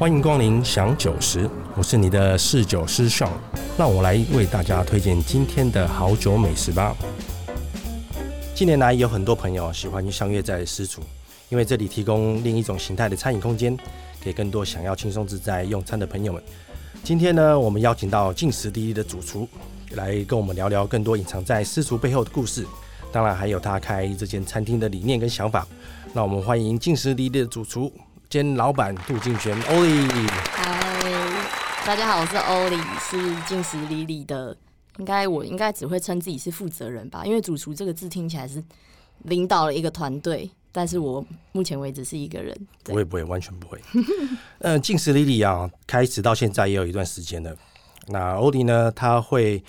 歡迎光臨享酒時。我是你的侍酒師 Sean，那我來為大家推薦今天的好酒美食吧。近年來，有很多朋友喜歡相約在私廚，因為這裡提供另一種形態的餐飲空間，給更多想要輕鬆自在用餐的朋友們。今天呢，我們邀請到敬時里里的主廚，來跟我們聊聊更多隱藏在私廚背後的故事，當然還有他開這間餐廳的理念跟想法。那我們歡迎敬時里里的主廚。兼老闆杜敬軒，Oli。嗨，大家好，我是 Oli，是敬時里里的。應該我應該只會稱自己是負責人吧，因為主廚這個字聽起來是領導了一個團隊，但是我目前為止是一個人。不會不會，完全不會。嗯、 呃，敬時里里啊，開始到現在也有一段時間了。那 Oli 呢，他會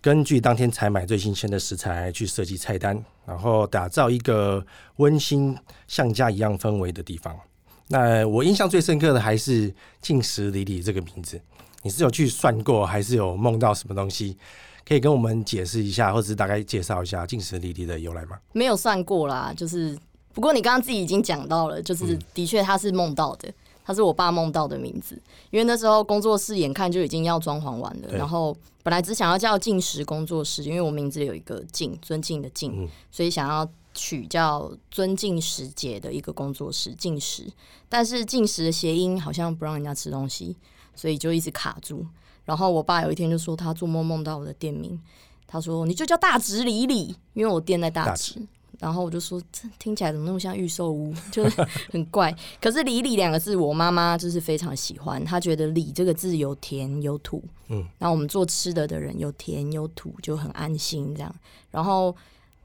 根據當天採買最新鮮的食材去設計菜單，然後打造一個溫馨像家一樣氛圍的地方。那我印象最深刻的還是“敬時里里”這個名字，你是有去算過，還是有夢到什麼東西？可以跟我們解釋一下，或者大概介紹一下“敬時里里”的由來嗎？沒有算過啦，就是不過你剛剛自己已經講到了，就是的確他是夢到的，嗯、他是我爸夢到的名字，因為那時候工作室眼看就已經要裝潢完了，對然後本來只想要叫“敬時工作室”，因為我名字有一個“敬”尊敬的敬，嗯、所以想要。取叫“尊敬時節”的一個工作室“敬時”，但是“敬時”的諧音好像不讓人家吃東西，所以就一直卡住。然後我爸有一天就說他做夢夢到我的店名，他說：“你就叫大直里里，因為我店在大直。大直”然後我就說：“這聽起來怎麼那麼像預售屋，就是很怪。” 可是“里里”兩個字，我媽媽就是非常喜歡，她覺得“里”這個字有田有土，嗯，然後我們做吃的的人有田有土就很安心這樣。然後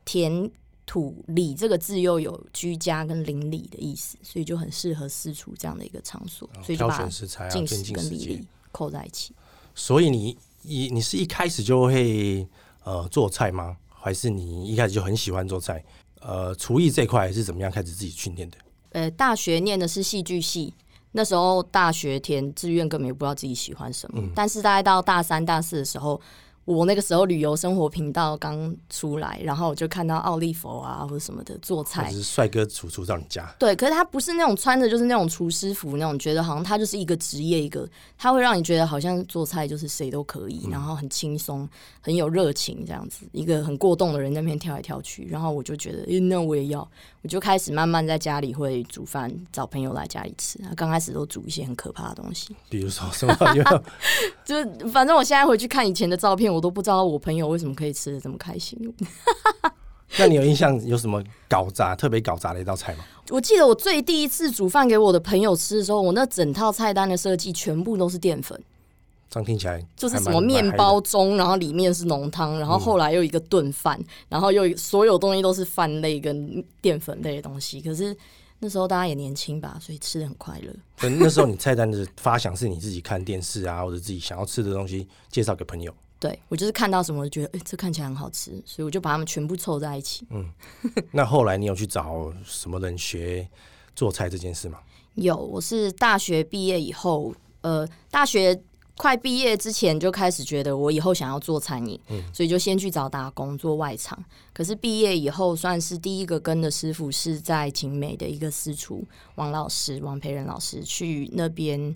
田。土裡這個字又有居家跟鄰里的意思，所以就很適合私廚這樣的一個場所，啊啊、所以就把敬時跟里里扣在一起。所以你一你，你是一開始就會呃做菜嗎？還是你一開始就很喜歡做菜？呃，廚藝這塊是怎麼樣開始自己訓練的？呃，大學念的是戲劇系，那時候大學填志願根本也不知道自己喜歡什麼，嗯、但是大概到大三、大四的時候。我那個時候旅遊生活頻道剛出來，然後我就看到奧利佛啊或者什麼的做菜，就是帥哥廚廚到你家。對，可是他不是那種穿着就是那種廚師服那種，覺得好像他就是一個職業一個，他會讓你覺得好像做菜就是誰都可以，然後很輕鬆，很有熱情這樣子，一個很過動的人那邊跳來跳去，然後我就覺得，誒，那我也要，我就開始慢慢在家裡會煮飯，找朋友來家裡吃，剛開始都煮一些很可怕的東西，比如說什麼有有 就反正我現在回去看以前的照片。我都不知道我朋友為什麼可以吃的這麼開心 。那你有印象有什麼搞砸、特別搞砸的一道菜嗎？我記得我最第一次煮飯給我的朋友吃的時候，我那整套菜單的設計全部都是澱粉。這樣聽起來滿滿就是什麼麵包盅，然後裡面是濃湯，然後後來又一個燉飯，然後又所有東西都是飯類跟澱粉類的東西。可是那時候大家也年輕吧，所以吃的很快樂。那 那時候你菜單的發想是你自己看電視啊，或者自己想要吃的東西介紹給朋友？對，我就是看到什麼就覺得哎、欸，這看起來很好吃，所以我就把它們全部湊在一起。嗯，那後來你有去找什麼人學做菜這件事嗎？ 有，我是大學畢業以後，呃，大學快畢業之前就開始覺得我以後想要做餐飲，嗯，所以就先去找打工做外場。可是畢業以後，算是第一個跟的師傅是在景美的一個私廚，王老師，王培仁老師去那邊。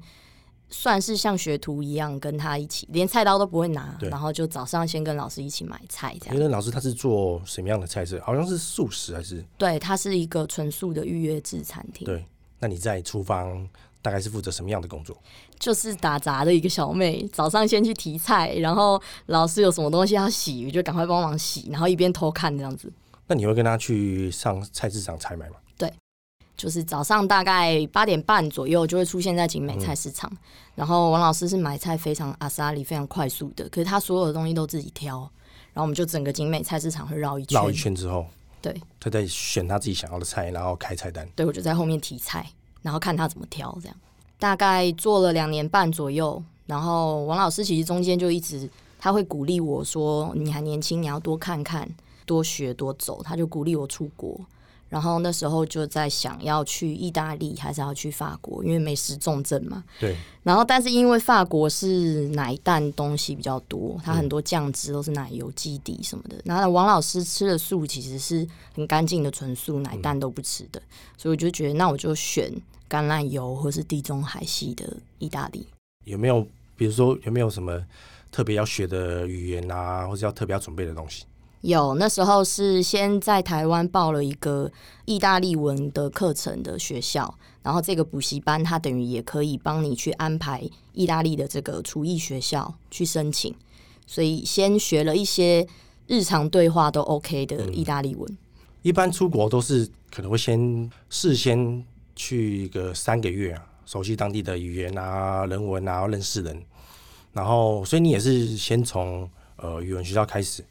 算是像學徒一樣跟他一起，連菜刀都不會拿，對然後就早上先跟老師一起買菜。這樣，因為，老師他是做什麼樣的菜式？好像是素食還是？對，他是一個純素的預約制餐廳。對，那你在廚房大概是負責什麼樣的工作？就是打雜的一個小妹，早上先去提菜，然後老師有什麼東西要洗，我就趕快幫忙洗，然後一邊偷看這樣子。那你會跟他去上菜市場採買嗎？就是早上大概八點半左右就會出現在景美菜市場，嗯、然後王老師是買菜非常阿莎力非常快速的，可是他所有的東西都自己挑，然後我們就整個景美菜市場會繞一圈，繞一圈之後，對，他在選他自己想要的菜，然後開菜單，對我就在後面提菜，然後看他怎麼挑，這樣大概做了兩年半左右，然後王老師其實中間就一直他會鼓勵我說你還年輕，你要多看看，多學多走，他就鼓勵我出國。然後那時候就在想要去意大利還是要去法國，因為美食重鎮嘛。對。然後，但是因為法國是奶蛋東西比較多，它很多醬汁都是奶油基底什麼的。嗯、然後王老師吃的素其實是很乾淨的純素，奶蛋都不吃的，嗯、所以我就覺得那我就選橄欖油或是地中海系的意大利。有沒有比如說有沒有什麼特別要學的語言啊，或是要特別要準備的東西？有，那時候是先在台灣報了一個意大利文的課程的學校，然後這個補習班它等於也可以幫你去安排意大利的這個廚藝學校去申請，所以先學了一些日常對話都 OK 的意大利文。嗯，一般出國都是可能會先事先去一個三個月啊，熟悉當地的語言啊、人文啊、認識人，然後所以你也是先從呃語文學校開始。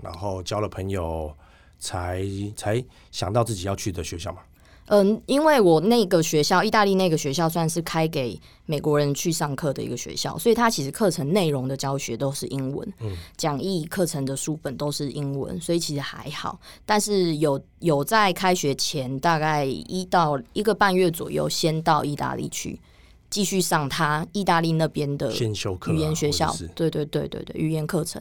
然後交了朋友才，才才想到自己要去的學校嘛。嗯，因為我那個學校，意大利那個學校算是開給美國人去上課的一個學校，所以他其實課程內容的教學都是英文，嗯、講義、課程的書本都是英文，所以其實還好。但是有有在開學前大概一到一個半月左右，先到意大利去繼續上他意大利那邊的語言學校，先修課啊，就是、對對對對對，語言課程。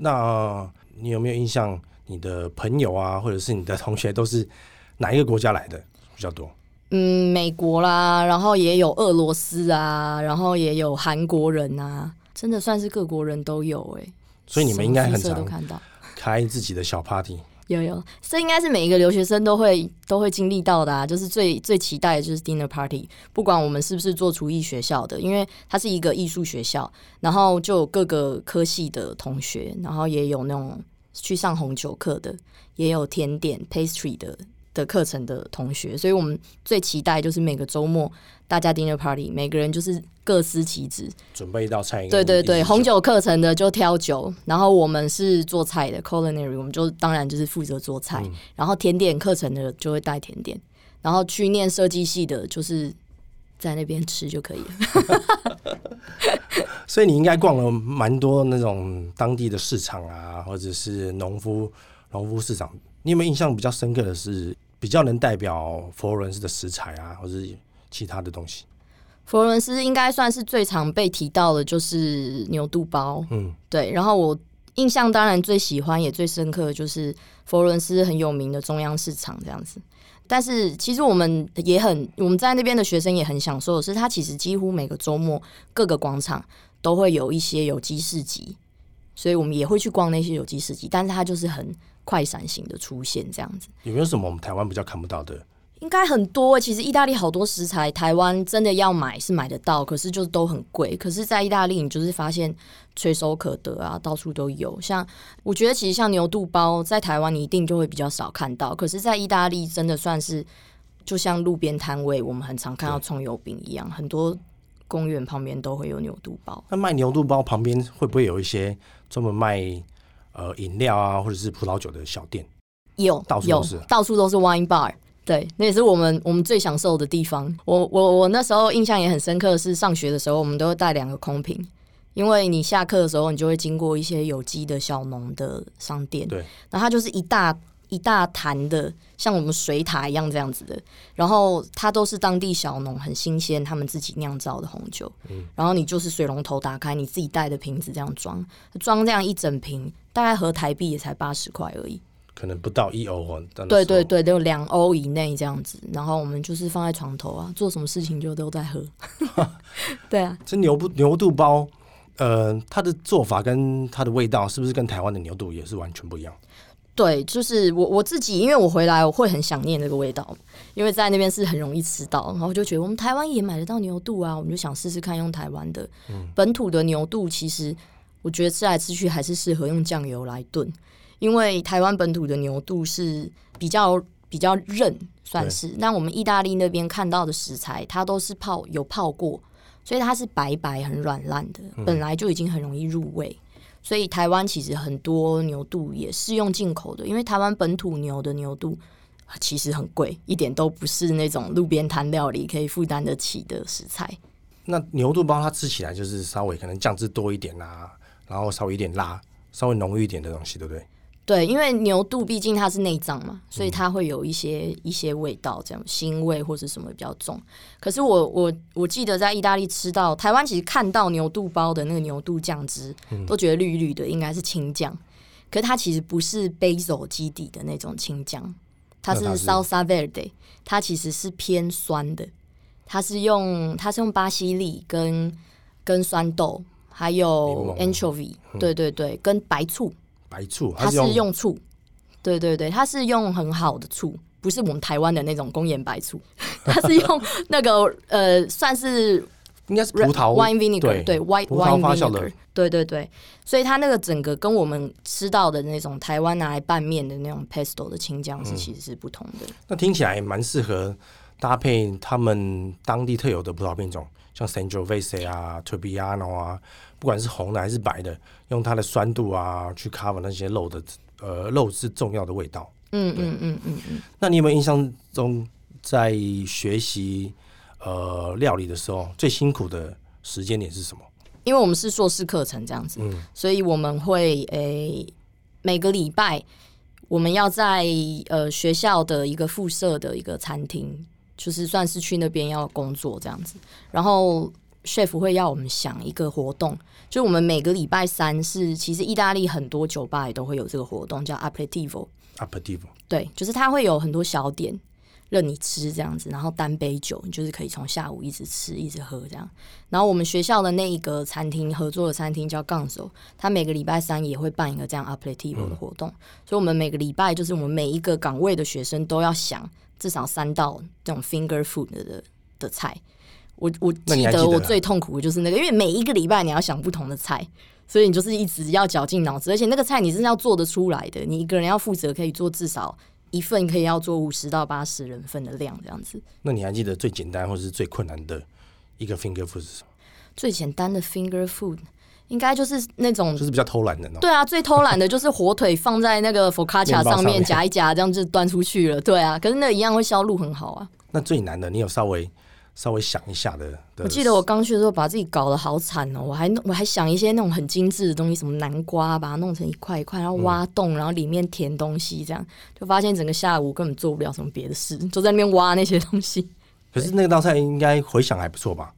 那你有沒有印象？你的朋友啊，或者是你的同學，都是哪一個國家來的比較多？嗯，美國啦，然後也有俄羅斯啊，然後也有韓國人啊，真的算是各國人都有哎、欸。所以你們應該很常看到開自己的小 party。 有有，這應該是每一個留學生都會都會經歷到的啊，就是最最期待的就是 dinner party。不管我們是不是做廚藝學校的，因為它是一個藝術學校，然後就有各個科系的同學，然後也有那種。去上紅酒課的，也有甜點 pastry 的的課程的同學，所以我們最期待就是每個周末大家 dinner party，每個人就是各司其職，準備一道菜。對對對，紅酒課程的就挑酒，然後我們是做菜的 culinary，我們就當然就是負責做菜，嗯、然後甜點課程的就會帶甜點，然後去念設計系的，就是。在那邊吃就可以了， 所以你應該逛了蠻多那種當地的市場啊，或者是農夫農夫市場。你有沒有印象比較深刻的是比較能代表佛羅倫斯的食材啊，或者是其他的東西？佛羅倫斯應該算是最常被提到的就是牛肚包，嗯，對。然後我印象當然最喜歡也最深刻的就是佛羅倫斯很有名的中央市場這樣子。但是其實我們也很，我們在那邊的學生也很享受的是，他其實幾乎每個周末各個廣場都會有一些有機市集，所以我們也會去逛那些有機市集，但是他就是很快閃型的出現這樣子。有沒有什麼我們台灣比較看不到的？應該很多、欸、其實意大利好多食材，台灣真的要買是買得到，可是就是都很貴。可是，在意大利，你就是發現垂手可得啊，到處都有。像我覺得，其實像牛肚包在台灣，你一定就會比較少看到，可是在意大利，真的算是就像路邊攤位，我們很常看到蔥油餅一樣，對很多公園旁邊都會有牛肚包。那賣牛肚包旁邊會不會有一些專門賣呃飲料啊，或者是葡萄酒的小店？有，到處都是，到處都是 wine bar。對，那也是我們我們最享受的地方。我我我那時候印象也很深刻，是上學的時候，我們都會帶兩個空瓶，因為你下課的時候，你就會經過一些有機的小農的商店，對，然後它就是一大一大壇的，像我們水塔一樣這樣子的，然後它都是當地小農很新鮮，他們自己釀造的紅酒，嗯，然後你就是水龍頭打開，你自己帶的瓶子這樣裝，裝這樣一整瓶，大概合台幣也才八十塊而已。可能不到一歐、喔、對對對，就兩歐以內這樣子。然後我們就是放在床頭啊，做什麼事情就都在喝。哈 對啊，這牛不牛肚包，呃，它的做法跟它的味道是不是跟台灣的牛肚也是完全不一樣？對，就是我我自己，因為我回來我會很想念那個味道，因為在那邊是很容易吃到，然後我就覺得我們台灣也買得到牛肚啊，我們就想試試看用台灣的、嗯、本土的牛肚。其實我覺得吃來吃去還是適合用醬油來燉。因為台灣本土的牛肚是比較比較韌，算是。那對我們意大利那邊看到的食材，它都是泡有泡過，所以它是白白很軟爛的，本來就已經很容易入味。嗯、所以台灣其實很多牛肚也是用進口的，因為台灣本土牛的牛肚、啊、其實很貴，一點都不是那種路邊攤料理可以負擔得起的食材。那牛肚包它吃起來就是稍微可能醬汁多一點啦、啊，然後稍微有點辣，稍微濃郁一點的東西，對不對？對，因為牛肚畢竟它是內臟嘛，所以它會有一些一些味道，這樣腥味或者什麼比較重。可是我我我記得在意大利吃到台灣，其實看到牛肚包的那個牛肚醬汁，嗯、都覺得綠綠的，應該是青醬。可是它其實不是 Basil 基底的那種青醬，它是 Salsa Verde，它其實是偏酸的。它是用它是用巴西利跟跟酸豆，還有 anchovy，、嗯、對對對，跟白醋。白醋，它是,它是用醋，對對對，它是用很好的醋，不是我們台灣的那種工業白醋，它是用那個 呃，算是應該是葡萄 wine vinegar，對,對 white wine vinegar，對對對，所以它那個整個跟我們吃到的那種台灣拿來拌麵的那種 pesto 的青醬是、嗯、其實是不同的。那聽起來蠻適合搭配他們當地特有的葡萄品種，像 Sangiovese 啊 Trebbiano 啊。不管是紅的還是白的，用它的酸度啊，去 cover 那些肉的呃肉是重要的味道。嗯嗯嗯嗯嗯。那你有沒有印象中在學習呃料理的時候最辛苦的時間點是什麼？因為我們是碩士課程這樣子，嗯、所以我們會誒、欸、每個禮拜我們要在呃學校的一個附設的一個餐廳，就是算是去那邊要工作這樣子，然後。學府會要我們想一個活動，就我們每個禮拜三是，其實意大利很多酒吧也都會有這個活動，叫 aperitivo。aperitivo。對，就是他會有很多小點任你吃這樣子，然後單杯酒，你就是可以從下午一直吃一直喝這樣。然後我們學校的那一個餐廳，合作的餐廳叫 Ganzo，他每個禮拜三也會辦一個這樣 aperitivo 的活動。嗯、所以，我們每個禮拜就是我們每一個崗位的學生都要想至少三道這種 finger food 的的菜。我我記得我最痛苦的就是那個，因為每一個禮拜你要想不同的菜，所以你就是一直要絞盡腦汁，而且那個菜你是要做得出來的，你一個人要負責可以做至少一份，可以要做五十到八十人份的量這樣子。那你還記得最簡單或是最困難的一個 finger food 是什麼？最簡單的 finger food 應該就是那種就是比較偷懶的，對啊，最偷懶的就是火腿放在那個佛卡恰上面夾一夾，這樣就端出去了。對啊，可是那一樣會銷路很好啊。那最難的你有稍微。稍微想一下的，我記得我剛去的時候把自己搞得好慘哦、喔，我還弄我還想一些那種很精緻的東西，什麼南瓜把它弄成一塊一塊，然後挖洞，然後裡面填東西，這樣、嗯、就發現整個下午我根本做不了什麼別的事，就在那邊挖那些東西。可是那道菜應該回想還不錯吧？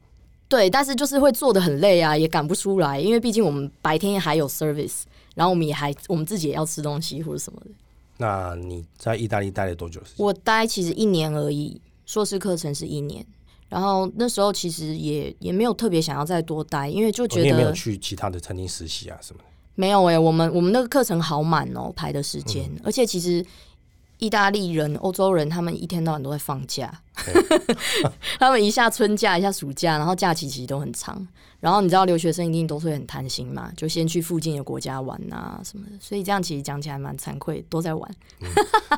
對，對，但是就是會做的很累啊，也趕不出來，因為畢竟我們白天還有 service，然後我們也還我們自己也要吃東西或者什麼的。那你在意大利待了多久時間？我待其實一年而已，碩士課程是一年。然後那時候其實也也沒有特別想要再多待，因為就覺得、哦、也沒有去其他的餐廳實習啊什麼的。沒有哎、欸，我們我們那個課程好滿哦，排的時間。嗯、而且其實意大利人、歐洲人他們一天到晚都在放假，嗯、 他們一下春假一下暑假，然後假期其實都很長。然後你知道留學生一定都會很貪心嘛，就先去附近的國家玩啊什麼的。所以這樣其實講起來蠻慚愧，都在玩、嗯。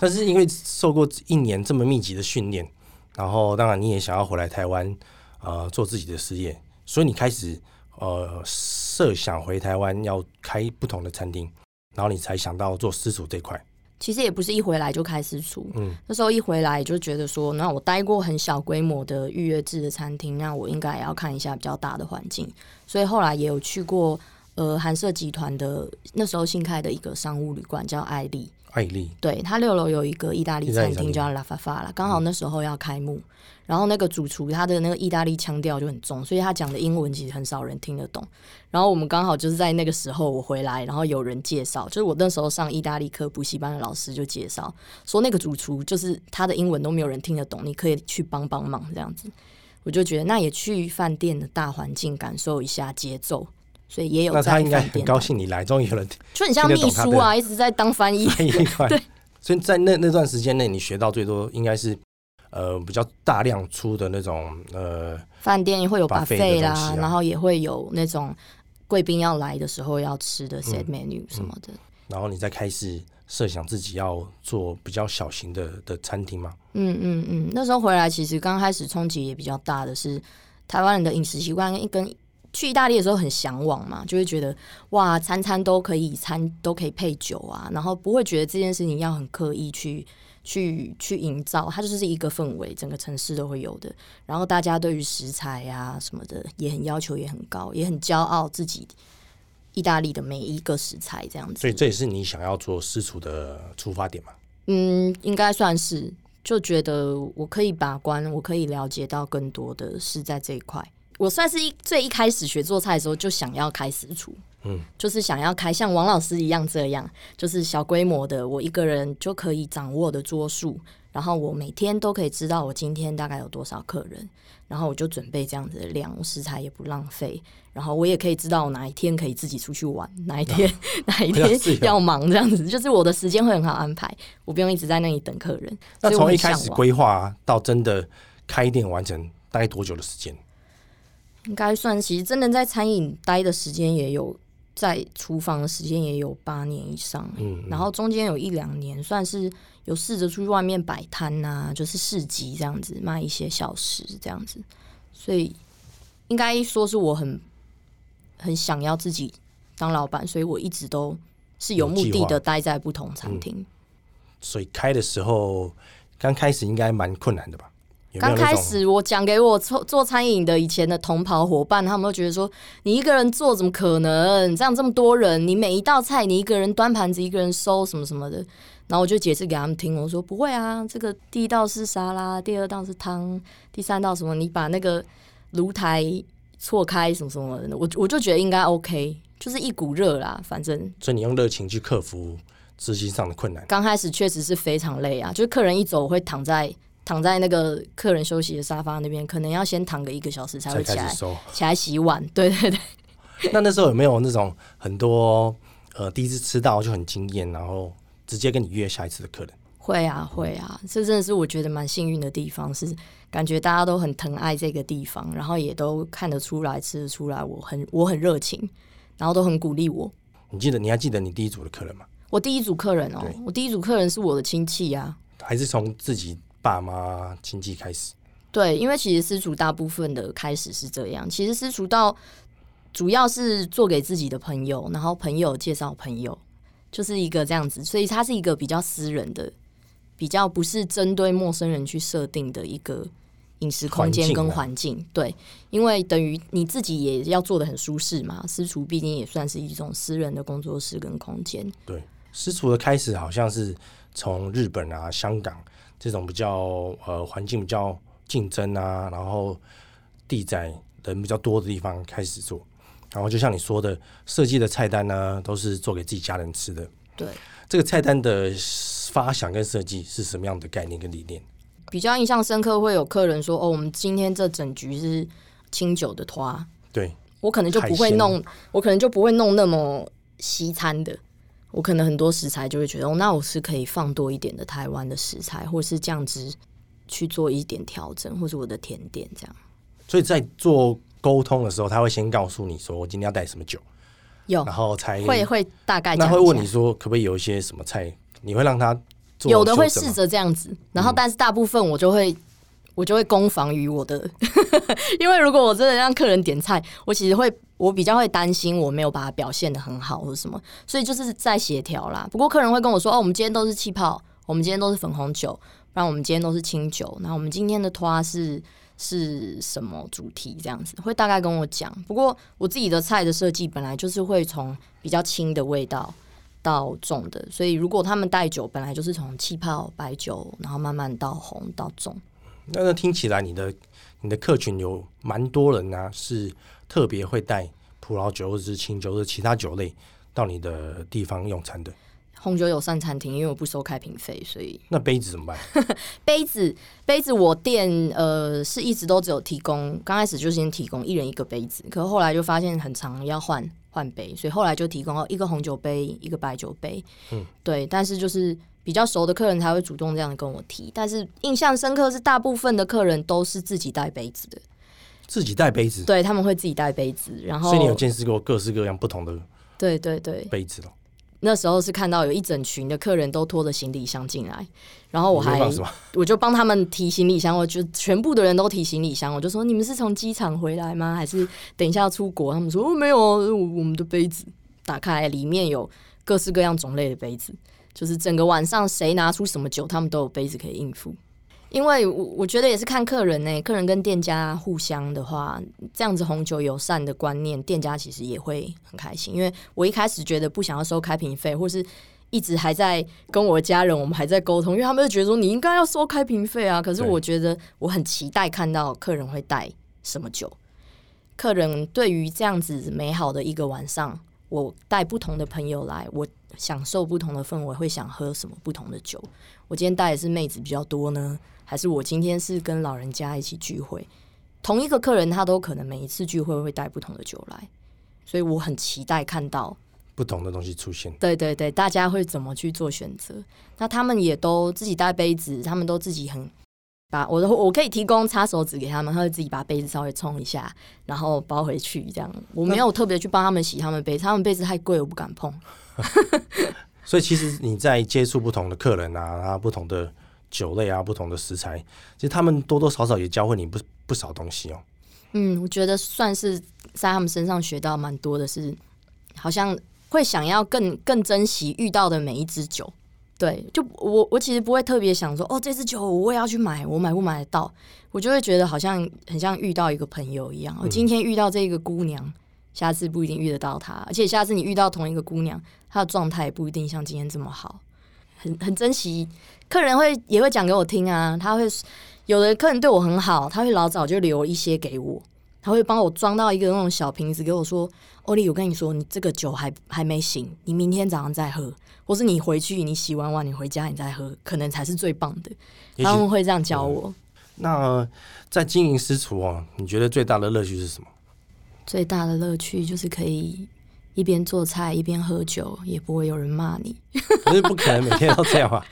但是因為受過一年這麼密集的訓練。 然後，當然你也想要回來台灣，呃，做自己的事業，所以你開始呃設想回台灣要開不同的餐廳，然後你才想到做私廚這塊。其實也不是一回來就開私廚，嗯，那時候一回來就覺得說，那我待過很小規模的預約制的餐廳，那我應該也要看一下比較大的環境，所以後來也有去過。呃，韓社集團的那時候新開的一個商務旅館叫艾麗，艾麗，對，他六樓有一個意大利餐廳叫拉法法啦。剛好那時候要開幕，然後那個主廚他的那個意大利腔調就很重，所以他講的英文其實很少人聽得懂。然後我們剛好就是在那個時候我回來，然後有人介紹，就是我那時候上意大利課補習班的老師就介紹說，那個主廚就是他的英文都沒有人聽得懂，你可以去幫幫忙這樣子。我就覺得那也去飯店的大環境感受一下節奏。所以也有，那他應該很高興你來，終於有人聽，就很像秘書啊，一直在當翻譯對，對。所以在那那段時間內，你學到最多應該是呃比較大量出的那種呃飯店會有 buffet 啦，啊、然後也會有那種貴賓要來的時候要吃的 set menu 什麼的。嗯嗯、然後你再開始設想自己要做比較小型的的餐廳嘛？嗯嗯嗯。那時候回來其實剛開始衝擊也比較大的是台灣人的飲食習慣一跟。去意大利的時候很向往嘛，就會覺得哇，餐餐都可以，餐都可以配酒啊，然後不會覺得這件事情要很刻意去去去營造，它就是一個氛圍，整個城市都會有的。然後大家對於食材啊什麼的也很要求，也很高，也很驕傲自己意大利的每一個食材這樣子。所以這也是你想要做私廚的出發點嗎？嗯，應該算是，就覺得我可以把關，我可以了解到更多的是在這一塊。我算是一，最一開始學做菜的時候，就想要開私廚，嗯，就是想要開像王老師一樣這樣，就是小規模的，我一個人就可以掌握的桌數，然後我每天都可以知道我今天大概有多少客人，然後我就準備這樣子的量，食材也不浪費，然後我也可以知道我哪一天可以自己出去玩，哪一天、啊、哪一天要忙這樣子，就是我的時間會很好安排，我不用一直在那裡等客人。那從一開始規劃到真的開店完成，大概多久的時間？應該算，其實真的在餐飲待的時間也有，在廚房的時間也有八年以上。嗯，然後中間有一兩年算是有試着出去外面擺攤吶，就是市集這樣子賣一些小吃這樣子。所以應該說是我很很想要自己當老闆，所以我一直都是有目的的待在不同餐廳。嗯，所以開的時候，剛開始應該蠻困難的吧？剛開始我講給我做做餐飲的以前的同袍伙伴，他們都覺得說，你一個人做怎麼可能？這樣這麼多人，你每一道菜你一個人端盤子，一個人收什麼什麼的。然後我就解釋給他們聽，我說不會啊，這個第一道是沙拉，第二道是湯，第三道什麼，你把那個爐檯錯開什麼什麼的。我我就覺得應該 OK，就是一股熱啦，反正。所以你用熱情去克服資金上的困難。剛開始確實是非常累啊，就是客人一走我會躺在。躺在那個客人休息的沙發那邊，可能要先躺個一個小時才會起來，起來洗碗。對對對，那那時候有沒有那種很多呃第一次吃到就很驚艷，然後直接跟你約下一次的客人？會啊會啊，這真的是我覺得蠻幸運的地方，是感覺大家都很疼愛這個地方，然後也都看得出來、吃得出來，我很我很熱情，然後都很鼓勵我。你記得你還記得你第一組的客人嗎？我第一組客人哦，對我第一組客人是我的親戚呀，啊，還是從自己。爸媽經濟開始，對，因為其實私廚大部分的開始是這樣，其實私廚到主要是做給自己的朋友，然後朋友介紹朋友，就是一個這樣子，所以它是一個比較私人的，比較不是針對陌生人去設定的一個飲食空間跟環境。環境啊、對，因為等於你自己也要做得很舒適嘛，私廚畢竟也算是一種私人的工作室跟空間。對，私廚的開始好像是從日本啊、香港。這種比較呃環境比較競爭啊，然後地窄人比較多的地方開始做，然後就像你說的，設計的菜單呢、啊、都是做給自己家人吃的。對，這個菜單的發想跟設計是什麼樣的概念跟理念？比較印象深刻會有客人說：“哦，我們今天這整局是清酒的花。對”對我可能就不會弄，鮮我可能就不會弄那麼西餐的。我可能很多食材就會覺得，哦，那我是可以放多一點的台灣的食材，或者是醬汁去做一點調整，或是我的甜點這樣。所以在做溝通的時候，他會先告訴你說，我今天要帶什麼酒，有，然後才會會大概，他會問你說，可不可以有一些什麼菜，你會讓他做有的會試着這樣子，然後但是大部分我就會、嗯、我就會攻防於我的， 因為如果我真的讓客人點菜，我其實會。我比較會擔心我沒有把它表現得很好，或者什麼，所以就是在協調啦。不過客人會跟我說：“哦，我們今天都是氣泡，我們今天都是粉紅酒，然後我們今天都是清酒，那我們今天的托、啊、是是什麼主題？”這樣子會大概跟我講。不過我自己的菜的設計本來就是會從比較輕的味道到重的，所以如果他們帶酒本來就是從氣泡白酒，然後慢慢到紅到重。那那聽起來，你的你的客群有蠻多人呢、啊，是。特別會帶葡萄酒或者是清酒或者其他酒類到你的地方用餐的紅酒友善餐廳，因為我不收開瓶費。所以那杯子怎麼辦？杯子 杯子，杯子我店呃是一直都只有提供，剛開始就先提供一人一個杯子，可是後來就發現很常要換換杯，所以後來就提供一個紅酒杯，一個白酒杯。嗯，對，但是就是比較熟的客人才會主動這樣跟我提，但是印象深刻是大部分的客人都是自己帶杯子的。自己帶杯子，對，他們會自己帶杯子，然後所以你有見識過各式各樣不同的對對對杯子了。那時候是看到有一整群的客人都拖着行李箱進來，然後我還我就幫他們提行李箱，我就全部的人都提行李箱，我就說你們是從機場回來嗎？還是等一下要出國？他們說，哦，沒有我，我們的杯子打開裡面有各式各樣種類的杯子，就是整個晚上誰拿出什麼酒，他們都有杯子可以應付。因為我我覺得也是看客人呢、欸，客人跟店家互相的話，這樣子紅酒友善的觀念，店家其實也會很開心。因為我一開始覺得不想要收開瓶費，或是一直還在跟我的家人，我們還在溝通，因為他們就覺得說你應該要收開瓶費啊。可是我覺得我很期待看到客人會帶什麼酒，嗯、客人對於這樣子美好的一個晚上，我帶不同的朋友來我。享受不同的氛圍，會想喝什麼不同的酒。我今天帶的是妹子比較多呢，還是我今天是跟老人家一起聚會？同一個客人，他都可能每一次聚會會帶不同的酒來，所以我很期待看到不同的東西出現。對對對，大家會怎麼去做選擇？那他們也都自己帶杯子，他們都自己很把。我都我可以提供擦手紙給他們，他們自己把杯子稍微沖一下，然後包回去這樣。我沒有特別去幫他們洗他們杯，他們杯子太貴，我不敢碰。 所以其實你在接觸不同的客人啊，啊，不同的酒類啊，不同的食材，其實他們多多少少也教會你不不少東西哦。嗯，我覺得算是在他們身上學到蠻多的是，是好像會想要更更珍惜遇到的每一支酒。對，就我我其實不會特別想說哦，這支酒我也要去買，我買不買得到，我就會覺得好像很像遇到一個朋友一樣。嗯。我今天遇到這個姑娘，下次不一定遇得到她，而且下次你遇到同一個姑娘。他的狀態也不一定像今天這麼好，很很珍惜。客人會也會講給我聽啊，他會有的客人對我很好，他會老早就留一些給我，他會幫我裝到一個那種小瓶子，給我說：“Oli，我跟你說，你這個酒還還沒醒，你明天早上再喝，或是你回去你洗完碗你回家你再喝，可能才是最棒的。也許”他們會這樣教我。那在經營私廚啊，你覺得最大的樂趣是什麼？最大的樂趣就是可以。一邊做菜一邊喝酒，也不會有人罵你。不是不可能每天要這樣，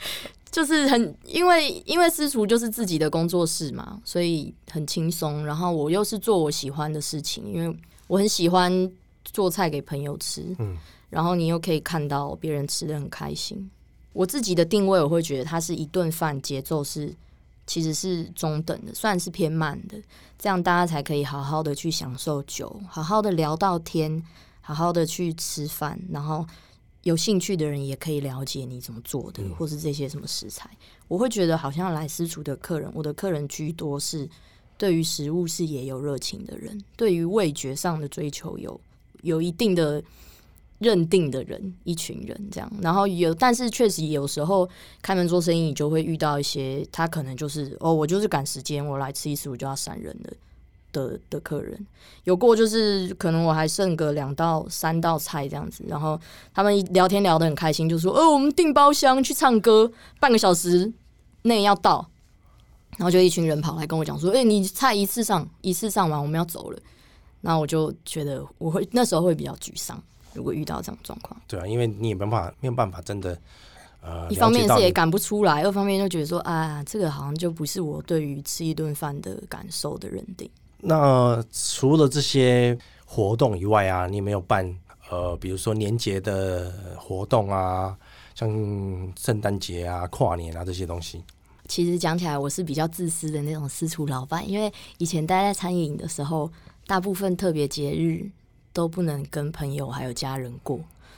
就是很因為因為私廚就是自己的工作室嘛，所以很輕鬆。然後我又是做我喜歡的事情，因為我很喜歡做菜給朋友吃。嗯，然後你又可以看到別人吃得很開心。我自己的定位，我會覺得它是一頓飯，節奏是其實是中等的，算是偏慢的，這樣大家才可以好好的去享受酒，好好的聊到天。好好的去吃飯，然後有興趣的人也可以了解你怎麼做的，嗯、或是這些什麼食材。我會覺得好像來私廚的客人，我的客人居多是對於食物是也有熱情的人，對於味覺上的追求有有一定的認定的人，一群人這樣。然後有，但是確實有時候開門做生意，你就會遇到一些他可能就是哦，我就是趕時間，我來吃一次我就要閃人了。的的客人有過，就是可能我還剩個兩道三道菜這樣子，然後他們聊天聊得很開心，就說：“哦、呃，我們訂包廂去唱歌，半個小時內要到。”然後就一群人跑來跟我講說：“哎、欸，你菜一次上一次上完，我們要走了。”那我就覺得我會那時候會比較沮喪，如果遇到這種狀況。對啊，因為你也沒辦法，沒有辦法真的、呃、一方面也是也趕不出來，嗯、二方面就覺得說啊，這個好像就不是我對於吃一頓飯的感受的認定。那除了這些活動以外啊，你有沒有辦呃，比如說年節的活動啊，像聖誕節啊、跨年啊這些東西？其實講起來，我是比較自私的那種私廚老板，因為以前待在餐飲的時候，大部分特別節日都不能跟朋友還有家人過，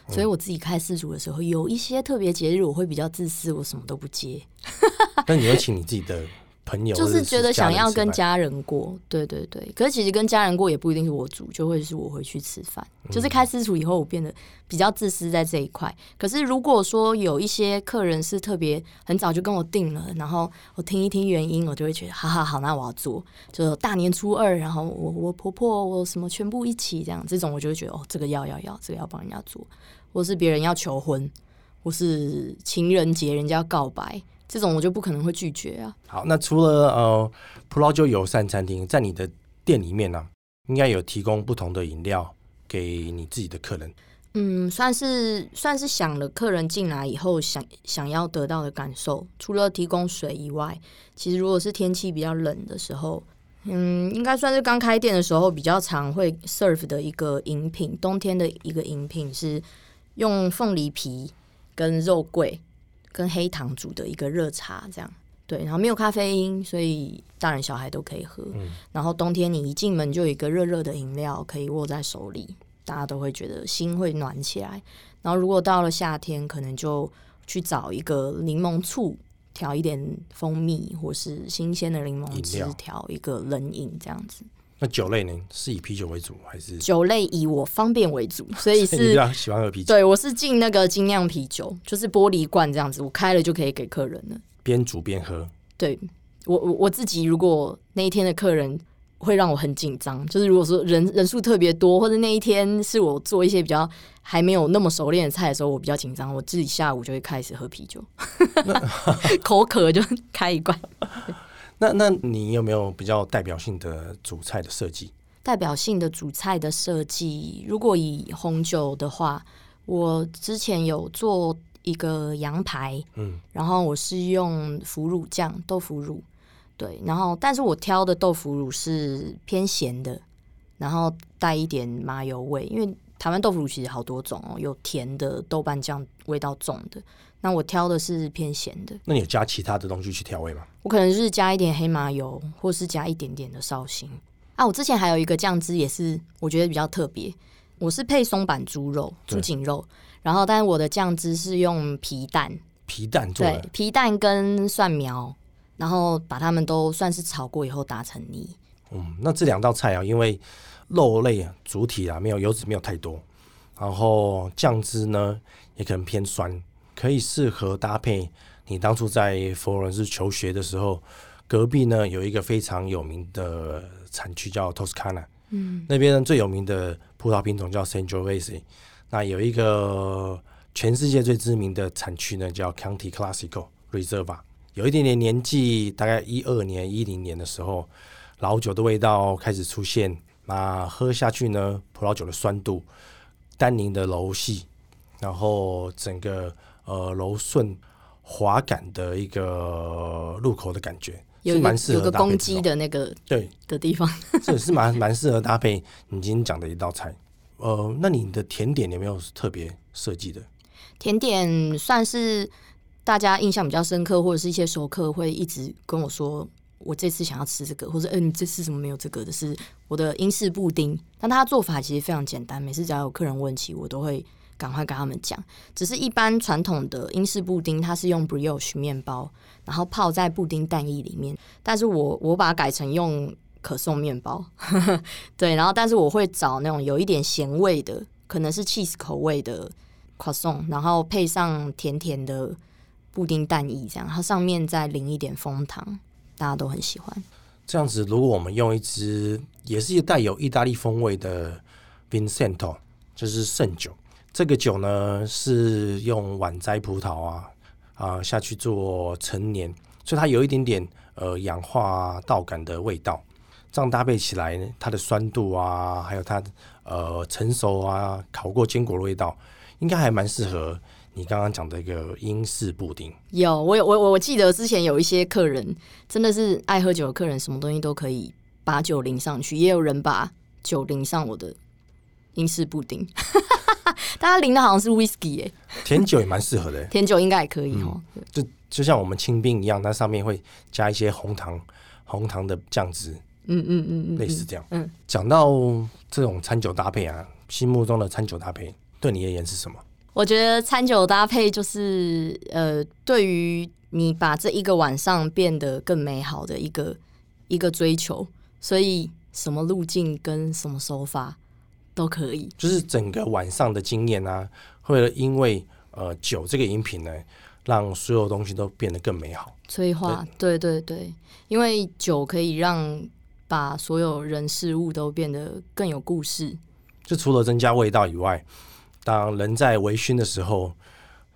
嗯、所以我自己開私廚的時候，有一些特別節日我會比較自私，我什麼都不接。 那你要請你自己的。朋友，就是覺得想要跟家人過，人，對對對。可是其實跟家人過也不一定是我煮，就會是我回去吃飯。嗯、就是開私廚以後，我變得比較自私在這一塊。可是如果說有一些客人是特別很早就跟我訂了，然後我聽一聽原因，我就會覺得好好好，那我要做。就大年初二，然後我、我婆婆、我什麼全部一起這樣，這種我就會覺得哦，這個要要要，這個要幫人家做。或是別人要求婚，或是情人節人家要告白。這種我就不可能會拒絕啊。好，那除了呃葡萄酒就友善餐廳，在你的店裡面呢啊，應該有提供不同的飲料給你自己的客人。嗯，算是算是想了客人進來以後想想要得到的感受。除了提供水以外，其實如果是天氣比較冷的時候，嗯，應該算是剛開店的時候比較常會 serve 的一個飲品，冬天的一個飲品是用鳳梨皮跟肉桂。跟黑糖煮的一個熱茶，這樣對，然後沒有咖啡因，所以大人小孩都可以喝。嗯、然後冬天你一進門就有一個熱熱的飲料可以握在手裡，大家都會覺得心會暖起來。然後如果到了夏天，可能就去找一個檸檬醋，調一點蜂蜜或是新鮮的檸檬汁，調料一個冷飲這樣子。那酒類呢，是以啤酒為主還是？酒類以我方便為主，所以是。所以你比較喜歡喝啤酒？對，我是進那個精釀啤酒，就是玻璃罐這樣子，我開了就可以給客人了。邊煮邊喝。對我，我我自己如果那一天的客人會讓我很緊張，就是如果說人人數特別多，或者那一天是我做一些比較還沒有那麼熟練的菜的時候，我比較緊張，我自己下午就會開始喝啤酒，那 口渴就開一罐。 那那你有沒有比較代表性的主菜的設計？代表性的主菜的設計，如果以紅酒的話，我之前有做一個羊排，嗯，然後我是用腐乳醬豆腐乳，對，然後但是我挑的豆腐乳是偏鹹的，然後帶一點麻油味，因為台灣豆腐乳其實好多種哦，有甜的、豆瓣醬味道重的，那我挑的是偏鹹的。那你有加其他的東西去調味嗎？我可能就是加一點黑麻油，或是加一點點的紹興啊。我之前還有一個醬汁也是，我覺得比較特別。我是配松板豬肉、豬頸肉，對然後，但是我的醬汁是用皮蛋、皮蛋對，皮蛋跟蒜苗，然後把它們都算是炒過以後打成泥。嗯，那這兩道菜啊，因為肉類、啊、主體啊沒有油脂沒有太多，然後醬汁呢也可能偏酸，可以適合搭配。你當初在佛羅倫斯求學的時候，隔壁呢有一個非常有名的產區叫 Toscana 嗯，那邊呢最有名的葡萄品種叫 Sangiovese 那有一個全世界最知名的產區呢，叫 Chianti Classico Reserva，有一點點年紀，大概一二年、一零年的時候，老酒的味道開始出現。那喝下去呢，葡萄酒的酸度、單寧的柔細，然後整個呃柔順。滑感的一個入口的感覺，有蠻適合有個攻擊的那個對的地方， 是蠻蠻適合搭配你今天講的一道菜。呃，那你的甜點有沒有特別設計的？甜點算是大家印象比較深刻，或者是一些熟客會一直跟我說，我這次想要吃這個，或者嗯，欸、這次怎麼沒有這個的？是我的英式布丁，但它做法其實非常簡單，每次只要有客人問起，我都會。趕快跟他們講。只是一般傳統的英式布丁，它是用 brioche 麵包，然後泡在布丁蛋液裡面。但是我我把它改成用可頌麵包， 對，然後但是我會找那種有一點鹹味的，可能是 cheese 口味的可頌，然後配上甜甜的布丁蛋液，這樣，它上面再淋一點楓糖，大家都很喜歡。這樣子，如果我們用一支，也是一帶有意大利風味的 Vin Santo，就是聖酒。這個酒呢，是用晚摘葡萄啊啊下去做陳年，所以它有一點點呃氧化稻感的味道。這樣搭配起來，它的酸度啊，還有它呃成熟啊、烤過堅果的味道，應該還蠻適合你剛剛講的一個英式布丁。有，我有我我我記得之前有一些客人真的是愛喝酒的客人，什麼東西都可以把酒淋上去，也有人把酒淋上我的。英式布丁， 但它淋的好像是 whisky 耶。甜酒也蠻適合的，欸、甜酒應該也可以哦。嗯、對就就像我們清冰一樣，它上面會加一些紅糖、紅糖的醬汁。嗯嗯嗯嗯，嗯嗯類似這樣。嗯。講、嗯、到這種餐酒搭配啊，心目中的餐酒搭配對你而言，言是什麼？我覺得餐酒搭配就是呃，對於你把這一個晚上變得更美好的一個一個追求。所以什麼路徑跟什麼手法？都可以，就是整個晚上的經驗啊，會因為呃酒這個飲品呢，讓所有東西都變得更美好，催化，對,對對對，因為酒可以讓把所有人事物都變得更有故事，就除了增加味道以外，當人在微醺的時候，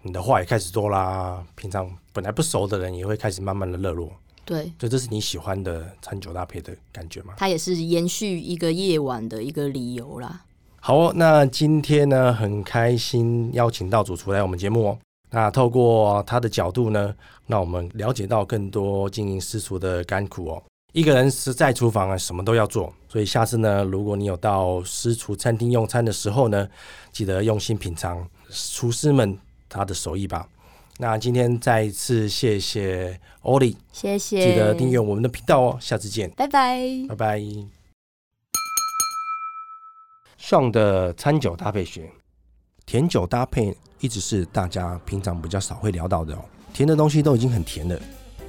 你的話也開始多啦，平常本來不熟的人也會開始慢慢的熱絡，對，所以這是你喜歡的餐酒搭配的感覺嗎？它也是延續一個夜晚的一個理由啦。好哦，那今天呢很開心邀請到主廚來我們節目哦。那透過他的角度呢，讓我們了解到更多經營私廚的甘苦哦。一個人是在廚房啊，什麼都要做，所以下次呢，如果你有到私廚餐廳用餐的時候呢，記得用心品嘗廚師們他的手藝吧。那今天再一次謝謝 Oli，謝謝，記得訂閱我們的頻道哦。下次見，拜拜，拜拜。的餐酒搭配學，甜酒搭配一直是大家平常比較少會聊到的哦。甜的東西都已經很甜了，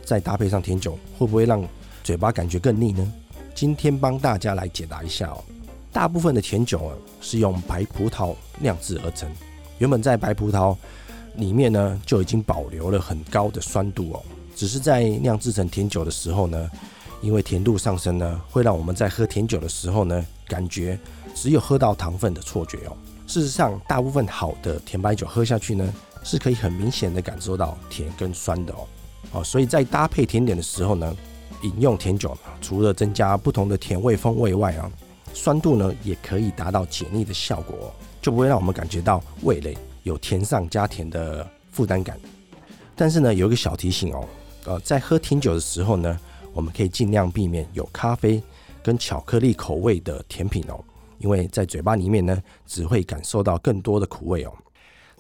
再搭配上甜酒，會不會讓嘴巴感覺更膩呢？今天幫大家來解答一下哦。大部分的甜酒啊，是用白葡萄釀制而成，原本在白葡萄裡面呢就已經保留了很高的酸度哦。只是在釀制成甜酒的時候呢，因為甜度上升呢，會讓我們在喝甜酒的時候呢，感覺。只有喝到糖分的錯覺哦。事實上，大部分好的甜白酒喝下去呢，是可以很明顯的感受到甜跟酸的哦。哦，所以在搭配甜點的時候呢，飲用甜酒除了增加不同的甜味風味外啊，酸度呢也可以達到解膩的效果哦，就不會讓我們感覺到味蕾有甜上加甜的負擔感。但是呢，有一個小提醒哦，呃，在喝甜酒的時候呢，我們可以盡量避免有咖啡跟巧克力口味的甜品哦。因為在嘴巴裡面呢，只會感受到更多的苦味哦。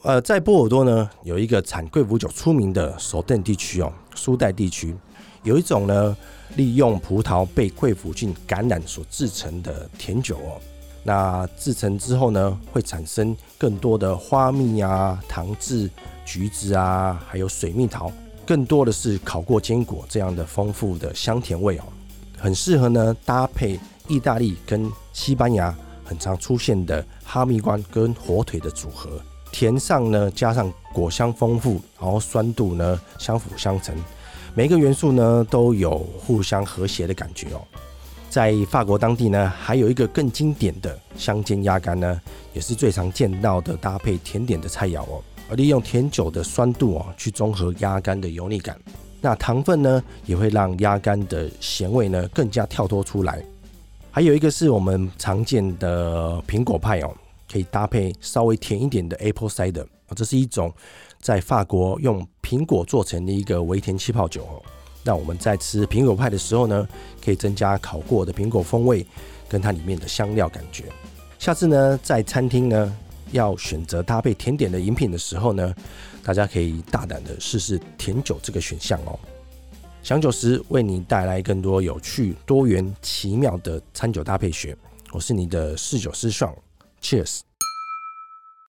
呃，在波爾多呢，有一個產貴腐酒出名的索甸地區哦，蘇玳地區有一種呢，利用葡萄被貴腐菌感染所製成的甜酒哦。那製成之後呢，會產生更多的花蜜啊、糖漬橘子啊，還有水蜜桃，更多的是烤過堅果這樣的豐富的香甜味哦，很適合呢搭配意大利跟西班牙。很常出現的哈密瓜跟火腿的組合，甜上呢加上果香豐富，然後酸度呢相輔相成，每一個元素呢都有互相和諧的感覺哦、喔。在法國當地呢，還有一個更經典的香煎鴨肝呢，也是最常見到的搭配甜點的菜肴哦、喔。而利用甜酒的酸度哦、喔，去綜合鴨肝的油膩感，那糖分呢也會讓鴨肝的鹹味呢更加跳脫出來。還有一個是我們常見的蘋果派哦、喔，可以搭配稍微甜一點的 Apple Cider。這是一種在法國用蘋果做成的一個微甜氣泡酒哦、喔。那我們在吃蘋果派的時候呢，可以增加烤過的蘋果風味跟它裡面的香料感覺。下次呢，在餐廳呢要選擇搭配甜點的飲品的時候呢，大家可以大膽的試試甜酒這個選項哦。享酒師為你帶來更多有趣、多元、奇妙的餐酒搭配學。我是你的侍酒師 Sean，Cheers。